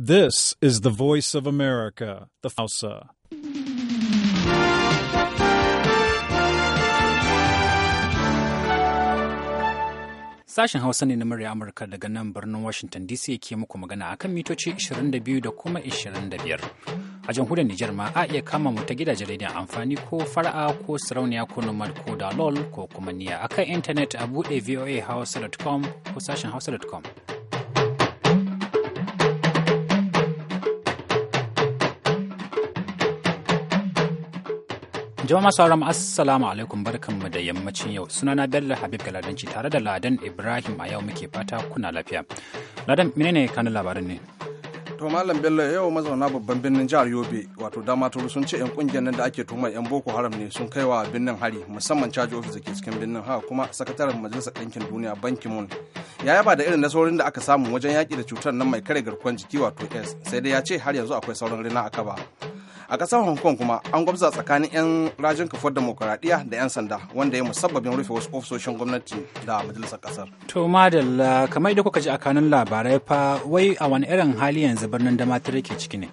This is the voice of America, the FAUSA. Sashen Hausa ne na murya Amurka daga nan birnin Washington DC ke muku magana akan mitoci 22 da kuma 25. A jamhuriyar Nijar ma a iya kama mu ta gidajen rediyon amfani ko fara'a ko sarauniya ko nomad ko dalol ko kuma niya akan intanet a buɗe voahausa.com ko sashen hausa.com. Jama'a masu haram assalamu alaikum barkanmu da yammacin yau sunana Bello Habib Galadanci tare da Ladan Ibrahim a yau muke fata kuna lafiya. Ladan menene kanin labarin ne? To Malam Bello yau mazauna babban birnin jihar Yobe wato dama turu sun ce yan kungiyar nan da ake tuhumar yan Boko Haram ne sun kai wa birnin hari musamman caji ofis da ke cikin birnin ha kuma sakataren majalisar ɗinkin duniya bankin mun ya yaba da irin nasarorin da aka samu wajen yaki da cutar nan mai kare garkuwar jiki wato S sai dai ya ce har yanzu akwai sauran rina a kaba. a kasar hong kong kuma an gwamza tsakanin 'yan rajin kafar demokuraɗiyya da 'yan sanda wanda ya musabbabin rufe wasu ofisoshin gwamnati da majalisar ƙasar to madalla kamar da kuka ji a labarai fa wai a wani irin hali yanzu birnin damatar yake ciki ne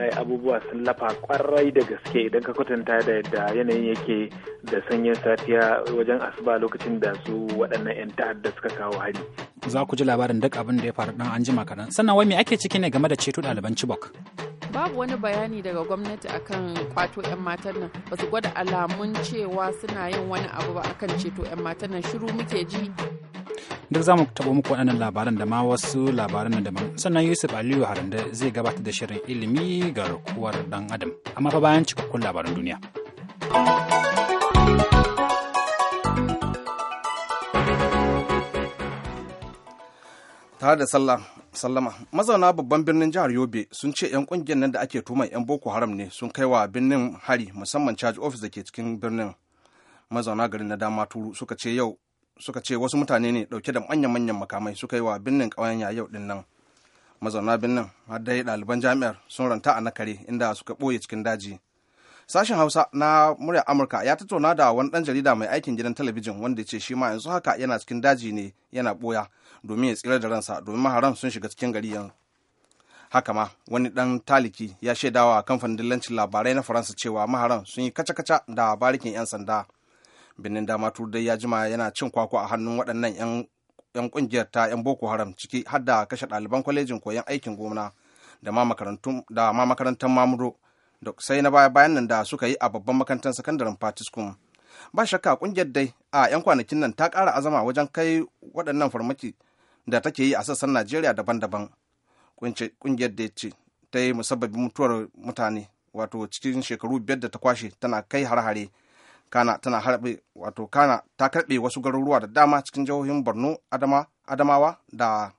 wallahi abubuwa sun lafa kwarai da gaske idan ka kwatanta da yadda yanayin yake da sanyin safiya wajen asuba lokacin da su waɗannan 'yan ta'adda suka kawo hari. Za ku ji labarin duk abin da ya faru dan an jima kaɗan. Sannan wai me ake ciki ne game da ceto ɗaliban Chibok? Babu wani bayani daga gwamnati akan kwato 'yan matan nan ba su gwada alamun cewa suna yin wani abu ba akan ceto 'yan matan nan shiru muke ji duk za mu taɓa muku waɗannan labaran da ma wasu labaran na daban sannan yusuf aliyu haranda zai gabata da shirin ilimi ga kuwar dan adam amma fa bayan cikakkun labaran duniya tare da sallah sallama mazauna babban birnin jihar yobe sun ce 'yan kungiyar nan da ake tuman 'yan boko haram ne sun kai wa birnin hari musamman caji ofis da ke cikin birnin mazauna garin na dama turu suka ce yau suka ce wasu mutane ne dauke da manyan manyan makamai suka yi wa birnin ya yau din nan mazauna birnin har dai ɗaliban jami'ar sun ranta a nakare inda suka ɓoye cikin daji sashen hausa na murya amurka ya tattauna da wani ɗan jarida mai aikin gidan talabijin wanda ce shi ma yanzu haka yana cikin daji ne yana ɓoya domin ya tsira da ransa domin maharan sun shiga cikin gari yanzu haka ma wani ɗan taliki ya shaidawa kamfanin dillancin labarai na faransa cewa maharan sun yi kaca-kaca da barikin 'yan sanda birnin dama dai ya jima yana cin kwakwa a hannun waɗannan 'yan ƙungiyar ta 'yan boko haram ciki har da kashe ɗaliban kwalejin koyon aikin gona da ma makarantar mamuro da sai na baya bayan nan da suka yi a babban makarantar sakandaren patiskum ba shakka kungiyar dai a 'yan kwanakin nan ta ƙara azama wajen kai waɗannan farmaki da take yi a sassan najeriya daban-daban kungiyar da ce ta yi musabbabin mutuwar mutane wato cikin shekaru biyar da ta kwashe tana kai har-hare kana tana harbe wato kana ta karbe wasu garuruwa da dama cikin jihohin borno adama adamawa da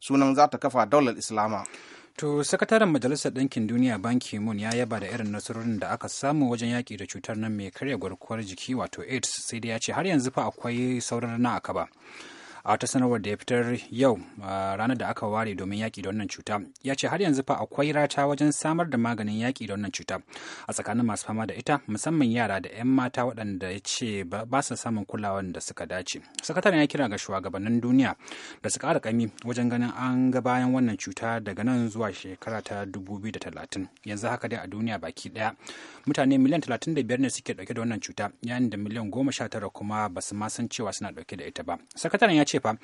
sunan za ta kafa daular islama to sakataren majalisar ɗinkin duniya ban ki-moon ya yaba da irin nasarorin da aka samu wajen yaki da cutar nan mai karya garkuwar jiki wato aids sai dai ya ce har yanzu fa akwai sauran na akaba ba a wata sanarwar da ya fitar yau ranar da aka ware domin yaƙi da wannan cuta ya ce har yanzu fa akwai rata wajen samar da maganin yaƙi da wannan cuta a tsakanin masu fama da ita musamman yara da 'yan mata waɗanda ya ce ba su samun kulawar da suka dace sakataren ya kira ga shugabannin duniya da su ƙara kami wajen ganin an ga bayan wannan cuta daga nan zuwa shekara ta 2030 yanzu haka dai a duniya baki ɗaya mutane miliyan 35 ne suke ɗauke da wannan cuta yayin da miliyan 19 kuma ba su ma san cewa suna ɗauke da ita ba sakataren ya ce ce fa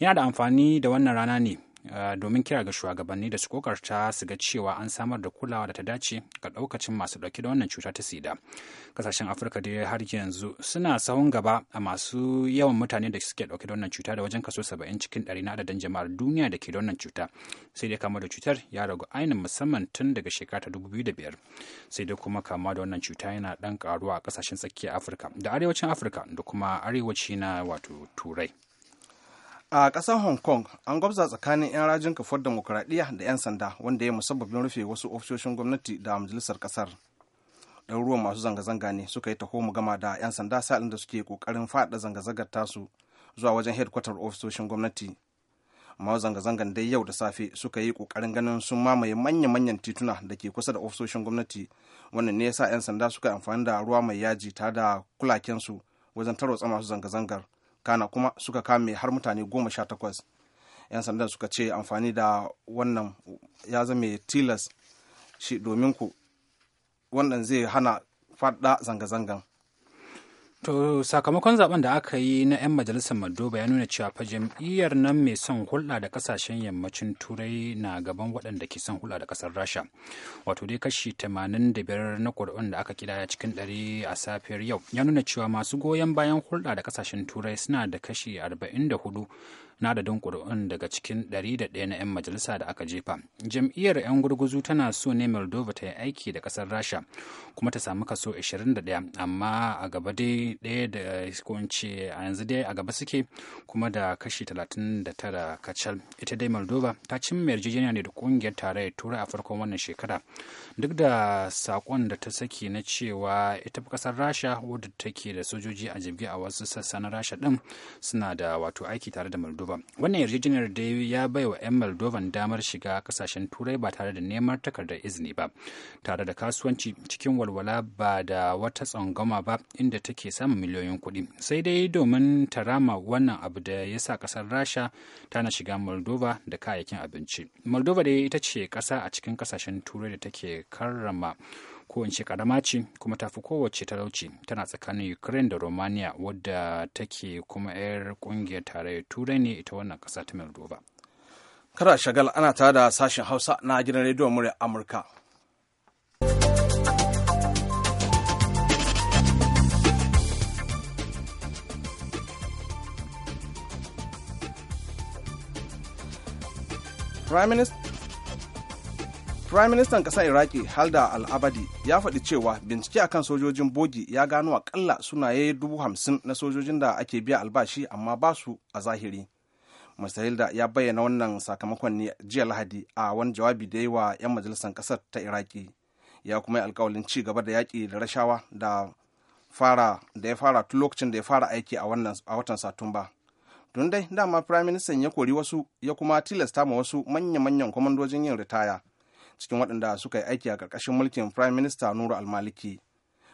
yana da amfani da wannan rana ne eh, domin kira ga shugabanni da su kokarta su ga cewa an samar da kulawa da ta dace ga daukacin masu dauke da wannan cuta ta sida kasashen afirka ya har yanzu suna sahun gaba a masu yawan mutane da suke dauke da wannan cuta da wajen kaso 70 cikin 100 na adadin jama'ar duniya da ke da wannan cuta sai dai kama da cutar ya ragu ainihin musamman tun daga shekara ta 2005 sai dai kuma kama da wannan cuta yana dan karuwa a kasashen tsakiyar afirka da arewacin afirka da kuma arewaci na wato turai a ƙasar hong kong an gwabza tsakanin 'yan rajin kafar demokuraɗiyya da 'yan sanda wanda ya musabbabin rufe wasu ofisoshin gwamnati da majalisar ƙasar ɗaruruwan masu zanga-zanga ne suka yi taho mu gama da 'yan sanda sa'ilin da suke ƙoƙarin faɗa zanga-zangar tasu zuwa wajen hedkwatar ofisoshin gwamnati masu zanga zangar dai yau da safe suka yi ƙoƙarin ganin sun mamaye manya-manyan tituna da ke kusa da ofisoshin gwamnati wannan ne ya sa 'yan sanda suka amfani da ruwa mai yaji tare da kulakensu wajen tarwatsa masu zanga-zangar kana kuma suka kame har mutane goma sha takwas yan sandan suka ce amfani da wannan ya zama tilas shi domin ku wannan zai hana fada zanga-zangan To sakamakon zaben da aka yi na 'yan majalisar maldova ya nuna cewa fa jam'iyyar nan mai son hulɗa da kasashen yammacin turai na gaban waɗanda ke son hulɗa da ƙasar Rasha. Wato dai kashi 85 na ƙuri'un da aka kidaya cikin ɗari a safiyar yau ya nuna cewa masu goyon bayan hulɗa da kasashen turai suna da kashi 44 na adadin kuri'un daga cikin 101 na 'yan majalisa da aka jefa jam'iyyar 'yan gurguzu tana so ne moldova ta yi aiki da ƙasar rasha kuma ta samu kaso 21 amma a gaba dai ɗaya da kunce a yanzu dai a gaba suke kuma da kashi 39 kacal ita dai moldova ta cimma yarjejeniya ne da tare tarayyar tura a farkon wannan shekara duk da saƙon da ta saki na cewa ita ƙasar rasha wadda take da sojoji a jirgi a wasu sassa na rasha ɗin suna da wato aiki tare da moldova Moldova. Wannan yarjejeniyar da ya bai wa 'yan Moldovan damar shiga kasashen turai ba tare da neman takardar izini ba, tare da kasuwanci cikin walwala ba da wata tsangoma ba inda take samun miliyoyin kuɗi. Sai dai domin ta rama wannan abu da ya sa kasar Rasha tana shiga Moldova da kayayyakin abinci. Moldova dai ita ce ƙasa a cikin kasashen turai da take karrama kowace karama ce kuma ta fi kowace talauci tana tsakanin ukraine da romania wadda take kuma 'yar kungiyar tarayyar turai ne ita wannan kasa ta moldova kada shagal ana tare da sashen hausa na gidan rediyon murya amurka Prime Minister Prime Minister ƙasar Iraki Halda Al-Abadi ya faɗi cewa bincike akan sojojin bogi ya gano akalla sunaye dubu hamsin na sojojin da ake biya albashi amma ba su a zahiri. Mr. Hilda ya bayyana wannan sakamakon ne jiya Lahadi a wani jawabi da yi wa 'yan majalisar ƙasar ta Iraki. Ya kuma yi alkawalin ci gaba da yaƙi da rashawa da fara da ya fara tun lokacin da ya fara aiki a wannan a watan Satumba. Tun dai dama Prime Minister ya kori wasu ya kuma tilasta ma wasu manya-manyan kwamandojin yin ritaya. cikin waɗanda suka yi aiki a ƙarƙashin mulkin prime minister nuru almaliki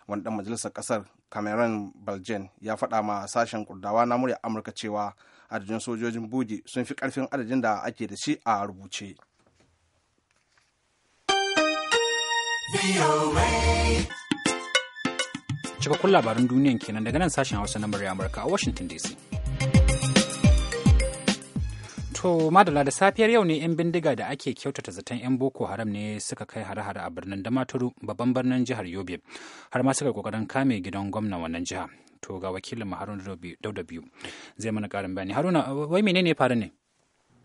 wanda majalisar ƙasar cameron belgian ya faɗa ma sashen kurdawa na murya amurka cewa adadin sojojin budi sun fi ƙarfin adadin da ake da shi a rubuce cikakkun labarin duniyan kenan daga nan sashen hausa na murya amurka a washington dc To madala da safiyar yau ne 'yan bindiga da ake kyautata zaton 'yan Boko Haram ne suka kai hare-hare a birnin Damaturu babban birnin jihar Yobe har ma suka kokarin kame gidan gwamna wannan jiha. To ga wakilin Haruna Dauda biyu zai mana karin bayani. Haruna wai menene faru ne?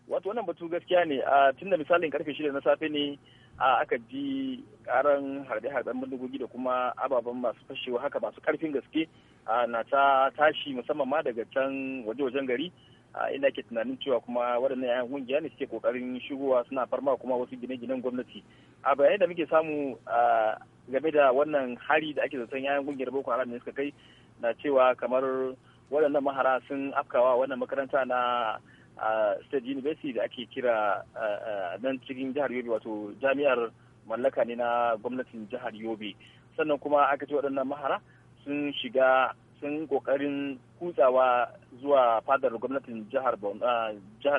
Wato wannan batu gaskiya ne a da misalin karfe shida na safe ne a aka ji karan harbe-harben bindigogi da kuma ababen masu fashewa haka masu karfin gaske na ta tashi musamman ma daga can waje-wajen gari ina ake tunanin cewa kuma waɗannan yayan kungiya ne suke kokarin shigowa suna farma kuma wasu gine-ginen gwamnati a bayanai da muke samu game da wannan hari da ake zaton yayan kungiyar boko haram ne suka kai na cewa kamar waɗannan mahara sun afkawa wannan makaranta na state university da ake kira nan cikin jihar yobe wato jami'ar mallaka ne na gwamnatin jihar yobe sannan kuma aka ce waɗannan mahara sun shiga sun kokarin kutsawa zuwa fadar gwamnatin jihar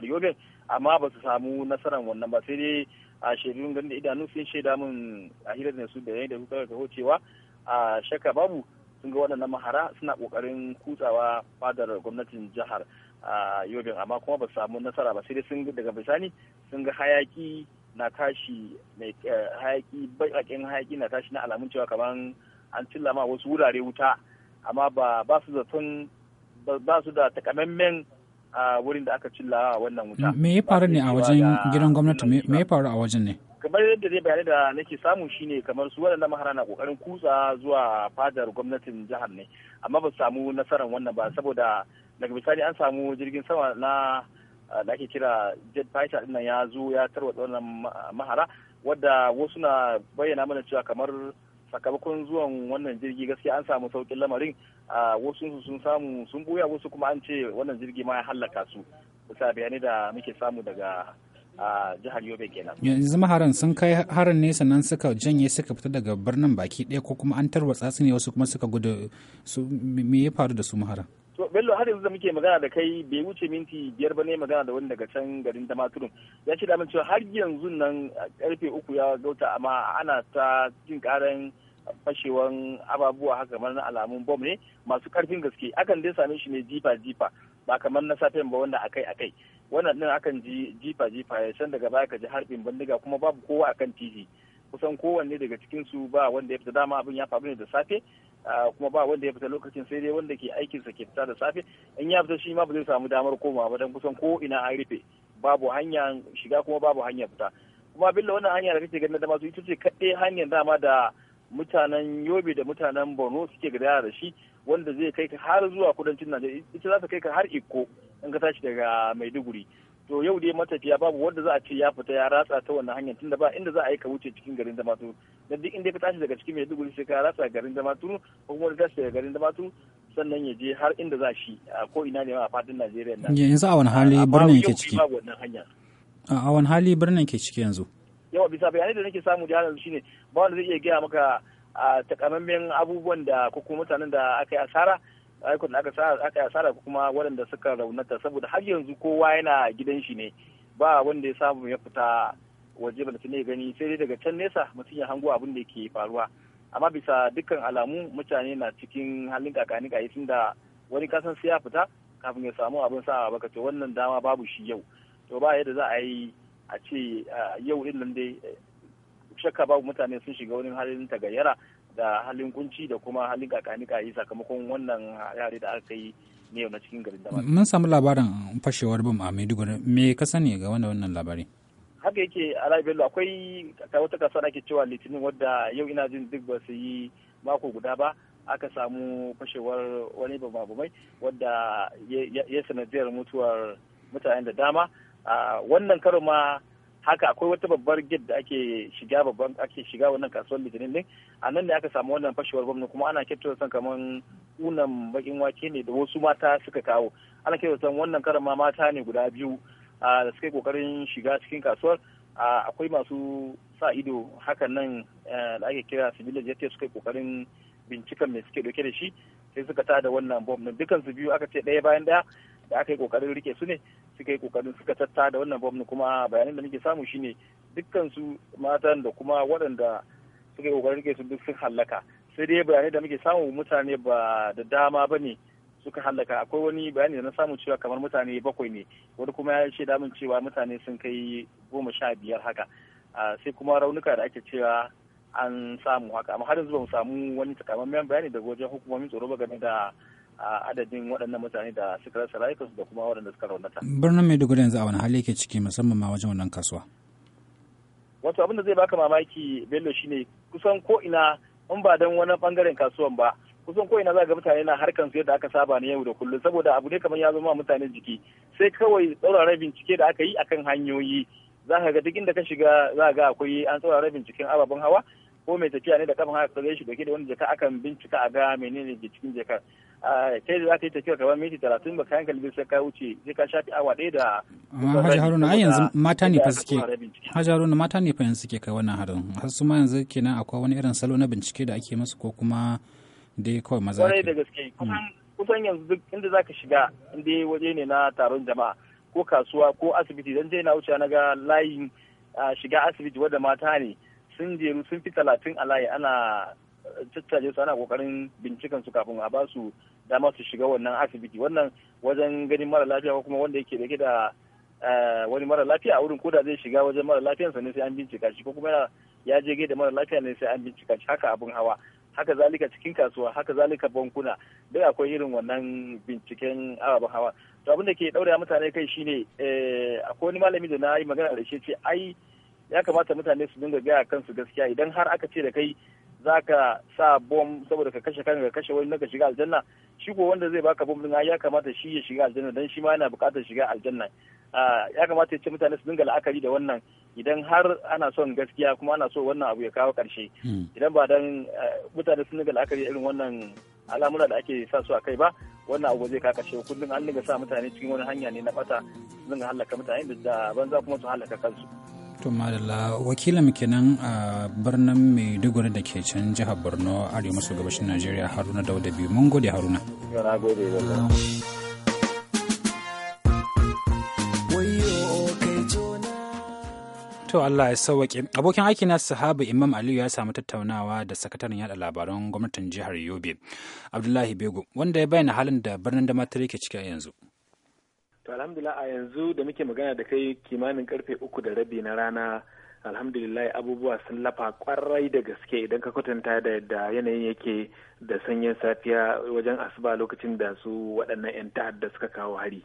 yobe amma ba su samu nasarar wannan ba sai dai a shirin ganin da idanu sun shaida min a hirar da su da yayin da su kawo cewa a shakka babu sun ga waɗannan mahara suna kokarin kutsawa fadar gwamnatin jihar yobe amma kuma ba su samu nasara ba sai dai sun daga bisani sun ga hayaki na tashi mai eh, hayaki baƙaƙen hayaki na tashi na alamun cewa kamar an cilla ma wasu wurare wuta amma ba ba su zaton ba su da takamaimen a wurin da aka cilla a wannan wuta. Me ya faru ne a wajen gidan gwamnati me ya faru a wajen ne? Kamar yadda zai bayani da nake samu shine kamar su wadanda mahara na kokarin kusa zuwa fadar gwamnatin jihar ne amma ba su samu nasarar wannan ba saboda daga misali an samu jirgin sama na da ake kira jet fighter din ya zo ya tarwatsa wannan mahara wadda wasu na bayyana mana cewa kamar sakamakon zuwan wannan jirgi gaskiya an samu saukin lamarin a wasu sun samu sun buya wasu kuma an ce wannan jirgi ma ya hallaka su bisa bayanai da muke samu daga jihar yobe kenan yanzu maharan sun kai harin ne sannan suka janye suka fita daga birnin baki ɗaya ko kuma an tarwatsa su ne wasu kuma suka gudu su me ya faru da su maharan to bello har yanzu da muke magana da kai bai wuce minti biyar ba ne magana da wani daga can garin damaturun ya ce da cewa har yanzu nan karfe uku ya gauta amma ana ta jin karan fashewan ababuwa haka kamar na alamun bom ne masu karfin gaske akan dai same shi ne jifa jifa ba kamar na safen ba wanda akai akai wannan din akan ji jifa jifa ya san daga baya ka ji harbin bindiga kuma babu kowa akan titi kusan kowanne daga cikin ba wanda ya fita dama abin ya faru ne da safe kuma ba wanda ya fita lokacin sai dai wanda ke aikinsa ke fita da safe in ya fita shi ma ba zai samu damar komawa ba don kusan ko ina an rufe babu hanyar shiga kuma babu hanyar fita kuma abin da wannan hanya da kake ganin da masu ita ce kaɗai hanyar dama da mutanen yobe da mutanen borno suke yara da shi wanda zai kai ka har zuwa kudancin najeriya ita za ta kai ka har iko in ka tashi daga maiduguri to yau dai matafiya babu wanda za a ce ya fita ya ratsa ta wannan hanyar tunda ba inda za a yi ka wuce cikin garin damaturu dan duk inda ka tashi daga cikin maiduguri sai ka ratsa garin damaturu ko kuma ka tashi daga garin damaturu sannan ya je har inda za shi ko ina ne a fadin najeriya nan yanzu a wani hali birnin ke ciki a wani hali birnin ke ciki yanzu yawa bisa bayanai da nake samu da yanar shine ba wanda zai iya gaya maka a takamammen abubuwan da ko kuma mutanen da aka yi asara aikon da aka yi asara ko kuma waɗanda suka raunata saboda har yanzu kowa yana gidan shi ne ba wanda ya samu ya fita waje bala ne gani sai dai daga can nesa mutum ya hango abin da ke faruwa amma bisa dukkan alamu mutane na cikin halin kakani kayi tun da wani kasan sai ya fita kafin ya samu abin sa baka to wannan dama babu shi yau to ba yadda za a yi a ce yau din nan dai eh, shakka babu mutane sun shiga wani halin tagayyara da halin kunci da kuma halin kakanika yi sakamakon wannan yare da aka yi ne na cikin garin da mun samu labarin fashewar bam a maiduguri me ka sani ga wannan wannan labari haka yake alai bello akwai wata kasa da ake cewa litinin wadda yau ina jin duk ba su yi mako guda ba aka samu fashewar wani mai wadda ya sanadiyar mutuwar mutanen da dama wannan karo ma haka akwai wata babbar gid da ake shiga babban ake shiga wannan kasuwar litinin ne a nan ne aka samu wannan fashewar gwamnati kuma ana kyautar san kaman unan bakin wake ne da wasu mata suka kawo ana kyautar san wannan karama mata ne guda biyu da suka yi kokarin shiga cikin kasuwar akwai masu sa ido hakan nan eh, da ake kira civil jetty suka yi kokarin bincikan mai suke dauke da shi sai suka tada wannan bom dukkan dukansu biyu aka ce ɗaya bayan ɗaya da aka yi kokarin rike su ne suka yi kokarin suka tattara da wannan bom kuma bayanin da nake samu shine dukkan su matan da kuma waɗanda suka yi kokarin su duk sun hallaka sai dai bayanai da muke samu mutane ba da dama ba ne suka hallaka akwai wani bayani da na samu cewa kamar mutane bakwai ne wani kuma ya shaida min cewa mutane sun kai goma sha biyar haka sai kuma raunuka da ake cewa an samu haka amma har yanzu ba mu samu wani takamaiman bayani daga wajen hukumomin tsaro ba game da a adadin waɗannan mutane da suka rasa su da kuma waɗanda suka raunata. Birnin Maiduguri yanzu a wani hali yake ciki musamman ma wajen wannan kasuwa. Wato abin da zai baka mamaki Bello shine kusan ko ina in ba dan wani bangaren kasuwan ba kusan ko ina za ga mutane na harkan su yadda aka saba na yau da kullum saboda abu ne kamar ya zama mutane jiki sai kawai tsauraran bincike da aka yi akan hanyoyi za ka ga duk inda ka shiga za ga akwai an tsauraran binciken ababen hawa ko mai tafiya ne da kafin haka zai shiga ke da wani jaka akan bincika a ga menene cikin jakar kai da za ka yi tafiya kamar minti talatin ba kayan galibi sai ka wuce sai ka shafi awa ɗaya da ah, Hajji Haruna ai yanzu mata ne fa suke Hajji Haruna mata ne fa yanzu suke kai wannan harin har su ma yanzu kenan akwai wani irin salo na bincike da ake musu ko kuma dai kawai maza ke da gaske hmm. kusan yanzu duk inda za ka shiga inda waje ne na taron jama'a ko kasuwa ko asibiti dan je na wuce na ga layin shiga asibiti wadda mata ne sun jeru sun fi talatin a layi ana eh, caccaje su ana kokarin bincikan su kafin a ba su dama su shiga wannan asibiti wannan wajen ganin mara lafiya ko kuma wanda yake da da eh, wani mara lafiya a wurin koda zai shiga wajen mara lafiyansa ne sai an bincika shi ko kuma ya je gaida mara lafiya ne sai an bincika shi haka abin hawa haka zalika cikin kasuwa haka zalika bankuna duk akwai irin wannan binciken ababen hawa to abin da ke daura mutane kai shine eh, akwai wani malami da na yi magana da shi ce ai ya kamata mutane su dinga gaya kansu gaskiya idan har aka ce da kai za ka sa bom saboda ka kashe kanka ka kashe wani ka shiga aljanna shi ko wanda zai baka bom din ya kamata shi ya shiga aljanna dan shi ma yana buƙatar shiga aljanna ya kamata ya ce mutane su dinga la'akari da wannan idan har ana son gaskiya kuma ana so wannan abu ya kawo ƙarshe hmm. idan ba dan eh, mutane sun dinga la'akari irin wannan al'amura da ake sa su a kai ba wannan abu zai kawo ƙarshe kullum an dinga sa mutane cikin wani hanya ne na bata su dinga halaka mutane da banza kuma su halaka kansu. to madalla wakilin kenan a birnin maiduguri da ke can jihar borno arewa maso gabashin najeriya haruna dauda biyu mun gode haruna to Allah ya sauwaƙe abokin aiki na sahaba imam aliyu ya samu tattaunawa da sakataren yada labaran gwamnatin jihar yobe abdullahi bego wanda ya bayyana halin da birnin da ke ciki yanzu to alhamdulillah a yanzu da muke magana da kai kimanin karfe uku da rabi na rana alhamdulillah abubuwa sun lafa kwarai da gaske idan ka kwatanta da yadda yanayin yake da sanyin safiya wajen asuba lokacin da su waɗannan 'yan ta'adda suka kawo hari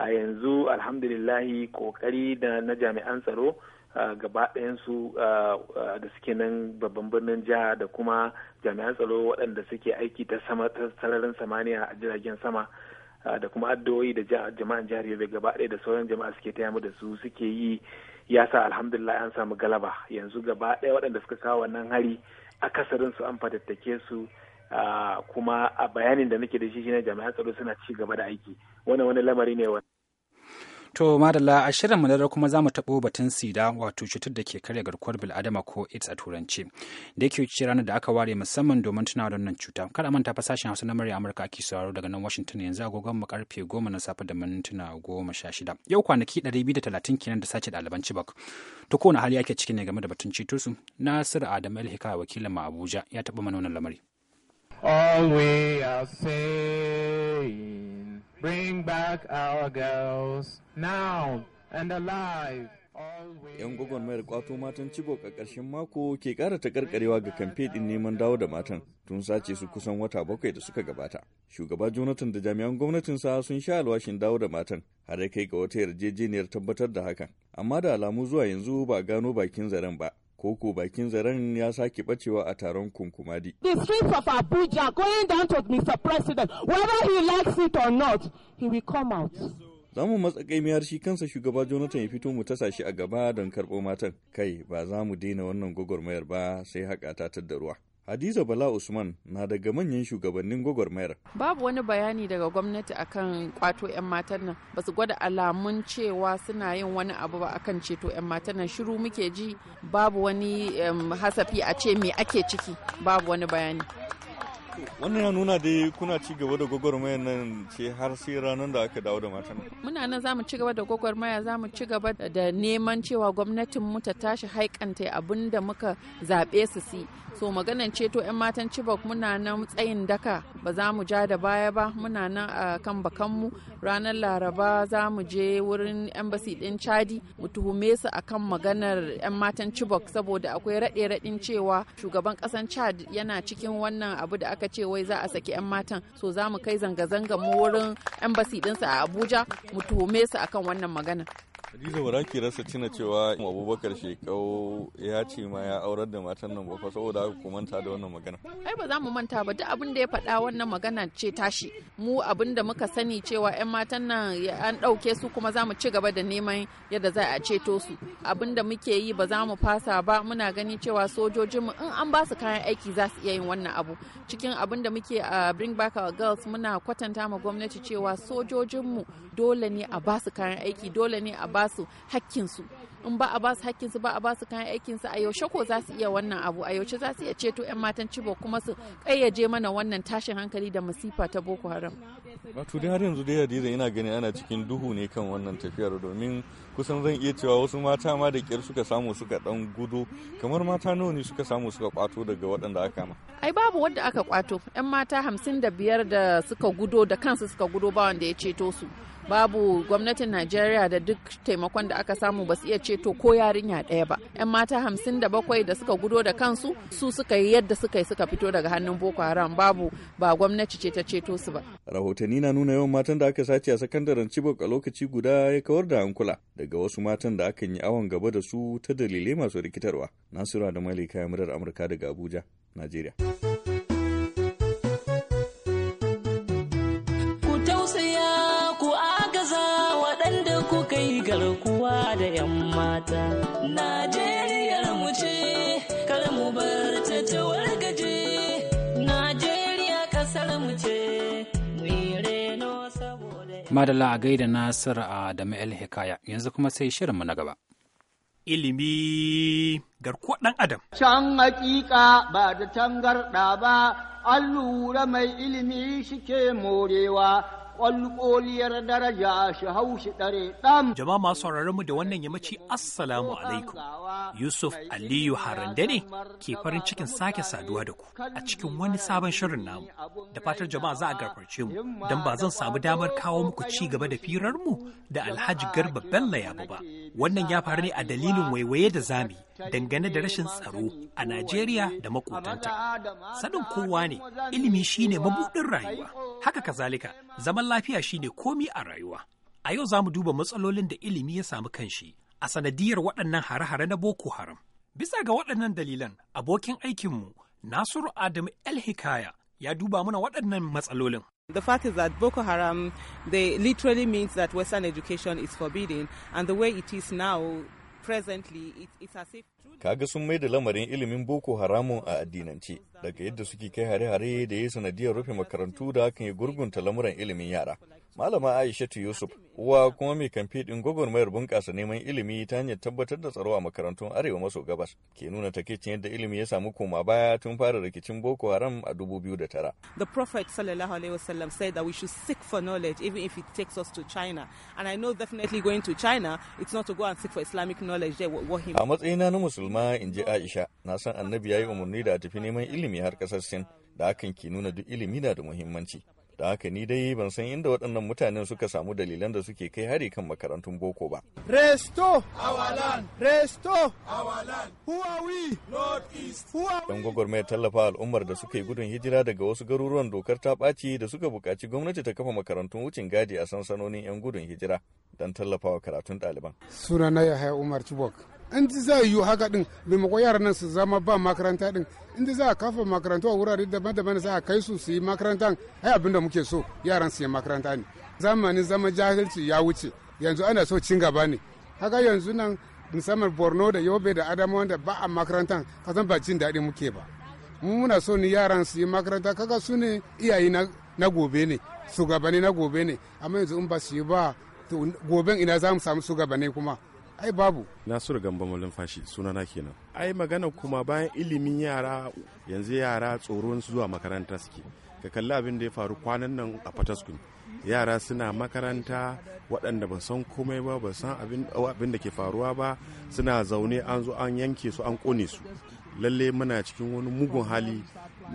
a yanzu alhamdulillahi kokari da na jami'an tsaro gaba ɗayansu da suke nan babban birnin jiha da kuma jami'an tsaro waɗanda suke aiki ta sararin samaniya a jiragen sama da kuma addu'o'i da jama'an jihar Yobe gaba ɗaya da sauran jama'a suke taya mu da su suke yi ya sa alhamdulillah an samu galaba yanzu gaba ɗaya waɗanda suka kawo wannan hari akasarin su an fatattake su kuma a bayanin da nake da shi shine jami'an tsaro suna ci gaba da aiki wani wani lamari ne wani To madalla a shirin madara kuma za mu taɓo batun sida wato cutar da ke karya garkuwar bil'adama ko AIDS a turanci da yake wuce ranar da aka ware musamman domin tunawa da wannan cuta. Kada manta fa sashen Hausa na murya Amurka ake sauraro daga nan Washington yanzu agogon mu karfe goma na safe da mintuna goma sha shida. Yau kwanaki ɗari biyu da kenan da sace ɗaliban Chibok. To kowane hali ake ciki ne game da batun su Nasir Adam elhika Hikaya wakilin mu Abuja ya taɓa mana wannan lamari. All we are saying, bring back our girls now and alive. 'Yan gwagwarmayar kwato matan Chibok a ƙarshen mako ke ƙara ta ƙarƙarewa ga kamfe ɗin neman dawo da matan tun sace su kusan wata bakwai da suka gabata. Shugaba Jonathan da jami'an gwamnatin gwamnatinsa sun sha alwashin dawo da matan har ya kai ga wata yarjejeniyar tabbatar da hakan. Amma da alamu zuwa yanzu ba gano bakin zaren ba. koko bakin zaren ya sake bacewa a taron kunkumadi. The streets of Abuja going down to Mr. President, whether he likes it or not, he will come out. Za mu matsakaimiyar shi kansa shugaba Jonathan ya fito mu tasa shi a gaba don karɓo matan. Kai, ba za mu daina wannan gwagwarmayar ba sai haka ta da ruwa. Hadiza Bala Usman na daga manyan shugabannin gwagwarmayar. Babu wani bayani daga gwamnati akan kwato 'yan matan nan ba su gwada alamun cewa suna yin wani abu ba akan ceto 'yan matan nan shiru muke ji babu wani hasafi a ce me ake ciki babu wani bayani. Wannan ya nuna dai kuna ci gaba da gwagwarmaya nan ce har sai ranar da aka dawo da matan. Muna nan za mu ci gaba da gwagwarmaya za mu ci gaba da neman cewa gwamnatin mu ta tashi haikanta abin da muka zaɓe su si. So maganan ceto 'yan matan Chibok muna nan tsayin daka ba za mu ja da baya ba muna nan a kan bakanmu ranar Laraba za mu je wurin embassy din Chadi mu tuhume su akan maganar 'yan matan Chibok saboda akwai raɗe-raɗin cewa shugaban ƙasan Chad yana cikin wannan abu da aka aka ce wai za a saki 'yan matan so za mu kai zanga-zanga mu wurin embassy ɗinsu a abuja mu tuhume su akan wannan magana Hadiza ba ki rasa tuna cewa Abubakar Shekau ya ce ma ya aurar da matan nan bakwai saboda aka ku da wannan magana. Ai ba za mu manta ba duk abin da ya faɗa wannan magana ce tashi. Mu abin da muka sani cewa 'yan matan nan an ɗauke su kuma za mu ci gaba da neman yadda za a ceto su. Abin da muke yi ba za mu fasa ba muna gani cewa sojojinmu in an ba su kayan aiki za su iya yin wannan abu. Cikin abin da muke a Bring Back Our Girls muna kwatanta ma gwamnati cewa sojojinmu dole ne a ba su kayan aiki dole ne a ba ba su hakkinsu in ba a hakkin su ba a basu kayan aikin su a yaushe ko za su iya wannan abu a yaushe za su iya ceto 'yan matan cibo kuma su kayyaje mana wannan tashin hankali da masifa ta boko haram wato dai har yanzu dai hadiza ina ganin ana cikin duhu ne kan wannan tafiyar domin kusan zan iya cewa wasu mata ma da kyar suka samu suka dan gudu kamar mata nawa ne suka samu suka kwato daga waɗanda aka ma ai babu wadda aka kwato yan mata hamsin da biyar da suka gudo da kansu suka gudo ba wanda ya ceto su babu gwamnatin najeriya da duk taimakon da aka samu ba su iya ceto ko yarinya ɗaya ba yan mata hamsin da bakwai da suka gudo da kansu su suka yi yadda suka yi suka fito daga hannun boko haram babu ba gwamnati ce ta ceto su ba rahotanni na nuna yawan matan da aka sace a sakandaren chibok a lokaci guda ya kawar da hankula daga wasu matan da akan yi awon gaba da su ta dalilai masu rikitarwa. Nasiru da Malika murar Amurka daga Abuja, Najeriya. Ku tausaya ku agaza waɗanda kuka yi garkuwa da 'yan mata. Madalla a gaida Nasir a da Ma'il Hikaya yanzu kuma sai shirinmu na gaba. Ilimi garkuwa ɗan Adam. Can hakika ba da tangarɗa ba, an mai ilimi shi morewa ƙwalƙoliyar daraja shi hau ɗare Jama'a masu sauraron mu da wannan yamaci Assalamu alaikum. Yusuf Aliyu Harande ne ke farin cikin sake saduwa da ku a cikin wani sabon shirin namu. Da fatar jama'a za a garfarce mu don ba zan samu damar kawo muku ci gaba da firar mu da Alhaji Garba Bello Yabo ba. Wannan ya faru ne a dalilin waiwaye da zami dangane da rashin tsaro a Najeriya da makotanta. Sanin kowa ne, ilimi shi ne mabuɗin rayuwa. Haka kazalika, zaman lafiya shi ne komi a rayuwa. A yau za mu duba matsalolin da ilimi ya samu kanshi a sanadiyar waɗannan hare-hare na Boko Haram. Bisa ga waɗannan dalilan, abokin aikinmu Nasiru Adamu El Hikaya ya duba mana waɗannan matsalolin. The fact is that Boko Haram, they literally means that Western education is forbidden, and the way it is now, Kaga sun mai da lamarin ilimin Boko Haramun a addinance, daga yadda suke kai hare-hare da ya sanadiyar rufe makarantu da hakan ya gurgunta lamuran ilimin yara. Malama Aishatu Yusuf, uwa kuma mai kamfe ɗin gwagwarmayar bunƙasa neman ilimi ta hanyar tabbatar da tsaro a makarantun Arewa maso gabas, ke nuna takeicin yadda ilimi ya samu koma baya tun fara rikicin Boko Haram a 2009. The Prophet sallallahu alaihi wasallam said that we should seek for knowledge even if it takes us to China. And I know definitely going to China, it's not to go and seek for Islamic knowledge there what him. A matsayina na musulma in ji Aisha, na san annabi ya yi umarni da a tafi neman ilimi har ƙasar Sin, da hakan ke nuna duk ilimi na da muhimmanci. da haka ni dai ban san inda waɗannan mutanen suka samu dalilan da suke kai hari kan makarantun boko ba. Resto land. Resto land. Who are we? North East. Who are we? Yan gwagwarmaya tallafa al'ummar da suka yi gudun hijira daga wasu garuruwan dokar ta ɓaci da suka buƙaci gwamnati ta kafa makarantun wucin gadi a sansanonin 'yan gudun hijira don tallafawa karatun ɗaliban. Sunana Yahaya Umar Chibok. in za yiwu haka din mako yaran nan su zama ba makaranta din in za a kafa makaranta, a wurare daban-daban za a kai su su yi makaranta, ai abin da muke so yaran su yi makaranta ne zamanin zama jahilci ya wuce yanzu ana so cin gaba ne haka yanzu nan musamman borno da yobe da adamawa da ba a makarantan san ba jin daɗi muke ba mu muna so ni yaran su yi makaranta kaga su ne iyaye na gobe ne shugabanni na gobe ne amma yanzu in ba su yi ba goben ina za mu samu shugabanni kuma ai babu na nasiru gamba malumfashi sunana kenan ai magana kuma bayan ilimin yara yanzu yara tsoron zuwa makaranta suke ka kalli abin da ya faru kwanan nan a fataskun yara suna makaranta waɗanda ba san komai ba ba san abin da ke faruwa ba suna zaune an zo an yanke su an kone su lalle muna cikin wani mugun hali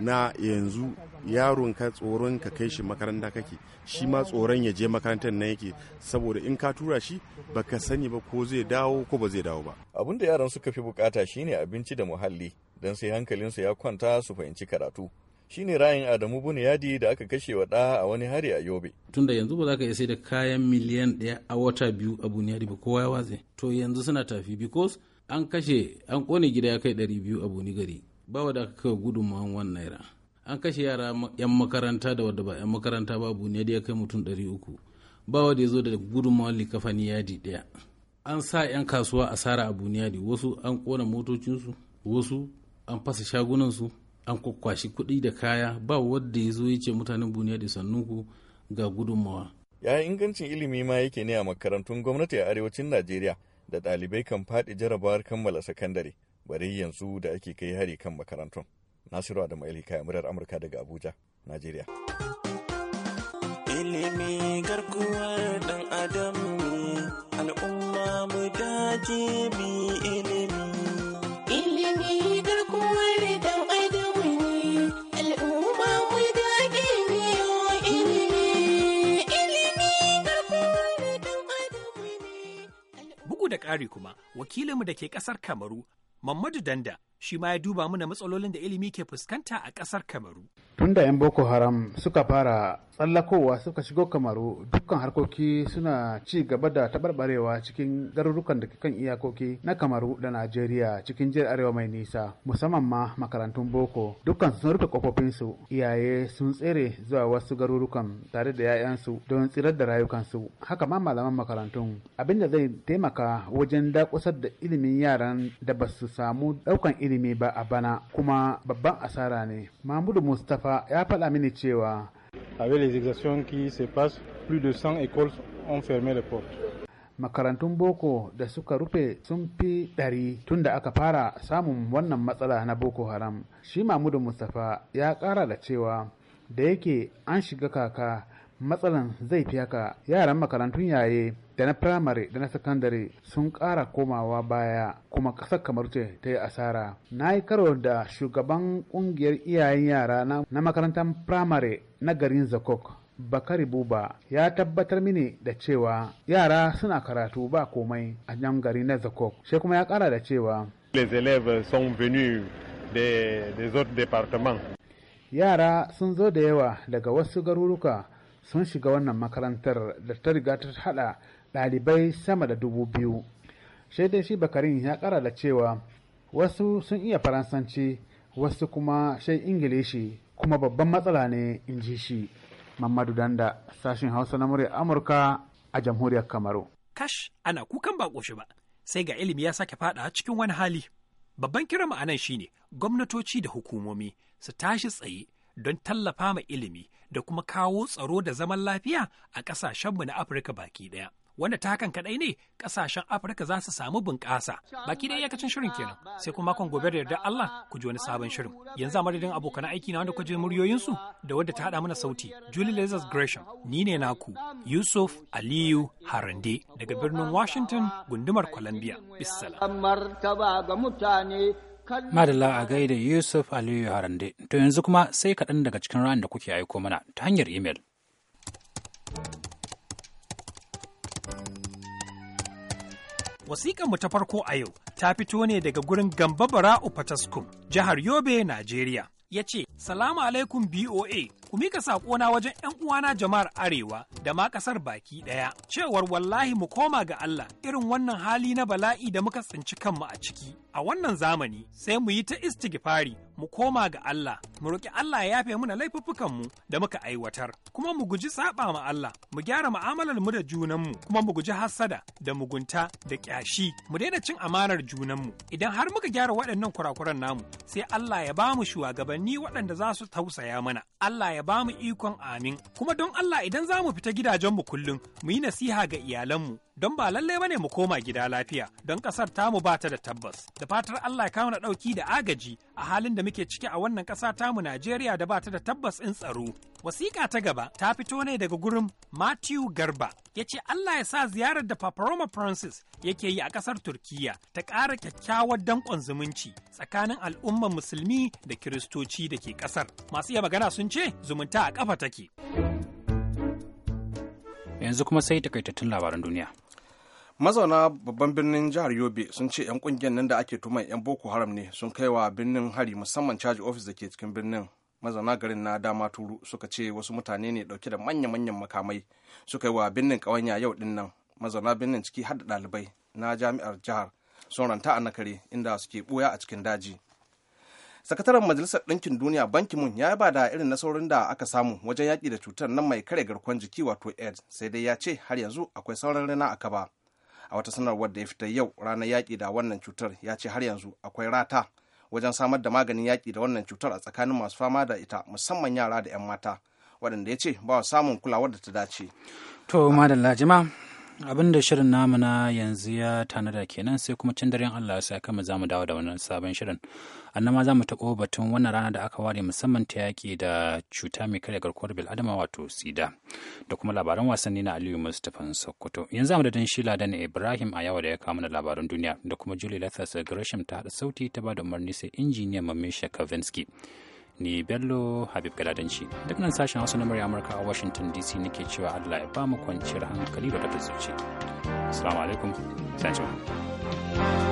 na yanzu yaron ka tsoron ka kai shi makaranta kake shi ma tsoron ya je makarantar nan yake saboda in ka tura shi baka sani ba ko zai dawo ko ba zai dawo ba abin da yaran suka fi bukata shine abinci da muhalli don sai hankalinsa ya kwanta su fahimci karatu shine rayin Adamu yadi da aka kashe wa ɗa a wani hari a Yobe. Tunda yanzu ba za ka iya sai da kayan miliyan ɗaya a wata biyu a Buniyadi ba kowa ya watse. To yanzu suna tafi because an kashe an kone gida ya kai ɗari biyu a Buni gari. Ba wa da aka kai gudunmawan wannan naira. an kashe yara 'yan makaranta da wadda ba 'yan makaranta babu ne da ya kai mutum uku ba wadda ya zo da gudunmawar ni yadi daya an sa 'yan kasuwa asara a buniyadi wasu an kona motocinsu wasu an fasa shagunansu an kwakwashi kuɗi da kaya ba wadda ya zo ya ce mutanen bu buniyadi sannuku ga gudunmawa yayin ingancin ilimi ma yake ne a makarantun gwamnati a arewacin najeriya da ɗalibai kan faɗi jarabawar kammala sakandare bari yanzu da ake kai hari kan makarantun Nasiru Adamu Elhika muryar Amurka daga Abuja, Najeriya. Ilimi garkuwar ɗan adam al'umma mu daji bi ilimi. Ilimi garkuwar ɗan adam al'umma mu daji bi ilimi. Ilimi garkuwar ɗan adam Bugu da ƙari kuma, wakilinmu da ke ƙasar Kamaru, Mamadu Danda shi ma ya duba mana matsalolin da ilimi ke fuskanta a ƙasar kamaru. tun da 'yan boko haram suka fara tsallakowa suka shigo kamaru dukkan harkoki suna ci gaba da taɓarɓarewa cikin garurukan da kan iyakoki na kamaru da najeriya cikin jihar arewa mai nisa musamman ma makarantun boko dukkan sun rufe kofofinsu iyaye sun tsere zuwa wasu garurukan tare da 'ya'yansu don tsirar da rayukansu haka ma malaman makarantun abinda zai taimaka wajen dakusar da ilimin yaran da ba su samu ɗaukan ilimi ilimi ba a bana kuma babban asara ne mahmudu mustapha ya faɗa mini cewa avec les exactions qui se passent plus de 100 écoles ont fermé les portes makarantun boko da suka rufe sun fi ɗari tun da aka fara samun wannan matsala na boko haram shi mahmudu mustapha ya ƙara da cewa da yake an shiga kaka matsalan zai fi haka yaran makarantun yaye da na firamare da na sakandare sun ƙara komawa baya kuma ƙasar kamar ce ta yi asara na yi karo da shugaban ƙungiyar iyayen yara na makarantar firamare na garin zakok Bakari Buba ya tabbatar mini da cewa yara suna karatu ba komai a nan gari na Zakok. shi kuma ya kara da cewa Les élèves sont venus Yara sun zo da yawa daga wasu garuruka sun shiga wannan makarantar da ta riga ta hada ɗalibai sama da dubu biyu shaidai shi bakarin ya kara da cewa wasu sun iya faransanci wasu kuma shai ingilishi kuma babban matsala ne in ji shi mamadu danda sashin hausa na murya amurka a jamhuriyar kamaru kash ana kukan ba ƙoshi ba sai ga ilimi ya sake fada cikin wani hali babban kiran ma'anan ne gwamnatoci da hukumomi su tashi tsaye don tallafa ma ilimi da kuma kawo tsaro da zaman lafiya a ƙasashenmu na Afirka baki ɗaya. Wanda ta hakan kaɗai ne ƙasashen Afirka za su samu bunƙasa. Baki ɗaya iyakacin shirin kenan. Sai kuma makon gobe da yarda Allah ku ji wani sabon shirin. Yanzu a madadin abokan aiki na wanda ji muryoyinsu da wadda ta haɗa mana sauti. Julie Lazarus Gresham, ni ne naku Yusuf Aliyu Harande daga birnin Washington, gundumar Columbia. Bissalam. Madalla a gaida Yusuf Aliyu Harande. To yanzu kuma sai kaɗan daga cikin ra'ayin da kuke aiko mana ta hanyar imel. mu ta farko a yau ta fito ne daga gurin Gamba Bara'u jihar Yobe, Najeriya. Ya ce, Salamu alaikum BOA, ku mika na wajen 'yan uwana jama'ar Arewa da ma ƙasar baki ɗaya, cewar wallahi mu koma ga Allah irin wannan hali na bala'i da muka tsinci kanmu a ciki. A wannan zamani sai mu yi ta istighfari mu koma ga Allah, mu roƙi Allah ya yafe muna laifuffukanmu da muka aiwatar, kuma mu guji saɓa ma Allah, mu gyara mu'amalar mu da junanmu, kuma mu guji hassada da mugunta da ƙyashi, mu daina cin amanar junanmu. Idan har muka gyara waɗannan kurakuran namu, sai Allah ya ba mu shugabanni waɗanda za su tausaya mana. Allah ya ya ba mu ikon amin. Kuma don Allah idan za mu fita gidajenmu kullum mu yi nasiha ga iyalanmu don ba lallai bane mu koma gida lafiya don ƙasar tamu ba ta da tabbas. Da fatar Allah ya kawo na ɗauki da agaji a halin da muke ciki a wannan ƙasa tamu Najeriya da ba ta da tabbas in tsaro. Wasiƙa ta gaba ta fito ne daga gurin Matthew Garba ya ce Allah ya sa ziyarar da Paparoma Francis yake yi a ƙasar turkiya ta ƙara kyakkyawar danƙon zumunci tsakanin al'ummar musulmi da kiristoci da ke ƙasar. Masu iya magana sun ce zumunta a ƙafa take. Yanzu kuma sai takaitattun labaran duniya. mazauna babban birnin jihar yobe sun ce 'yan kungiyar nan da ake tuman 'yan boko haram ne sun kai wa birnin hari musamman caji ofis da ke cikin birnin mazauna garin na dama turu suka ce wasu mutane ne dauke da manya-manyan makamai suka yi wa birnin kawanya yau din nan mazauna birnin ciki har da ɗalibai na jami'ar jihar sun ranta a nakare inda suke buya a cikin daji sakataren majalisar ɗinkin duniya banki mun ya ba da irin nasarorin da aka samu wajen yaƙi da cutar nan mai kare garkuwar jiki wato aids sai dai ya ce har yanzu akwai sauran rana a kaba a wata sanarwar da ya fita yau ranar yaƙi da wannan cutar ya ce har yanzu akwai rata wajen samar da maganin yaƙi da wannan cutar a tsakanin masu fama da ita musamman yara da 'yan mata waɗanda ya ce ba samun kulawar da ta dace. To madalla Jima, abin da shirin namu yanzu ya tanada kenan sai kuma can daren Allah ya kama za mu dawo da wannan sabon shirin annama za mu taɓo batun wannan rana da aka ware musamman ta yaƙi da cuta mai karya garkuwar bil'adama wato sida da kuma labaran wasanni na Aliyu Mustapha Sokoto yanzu mu da dan shila da Ibrahim a da ya kawo mana labaran duniya da kuma Julie Lathas Gresham ta haɗa sauti ta ba da umarni sai injiniyan Mamisha Kavinsky ni bello habib galadanci duk nan sashen hausa na murya amurka a washington dc nake cewa allah ya ba mu kwanciyar hankali da zuci assalamu alaikum sai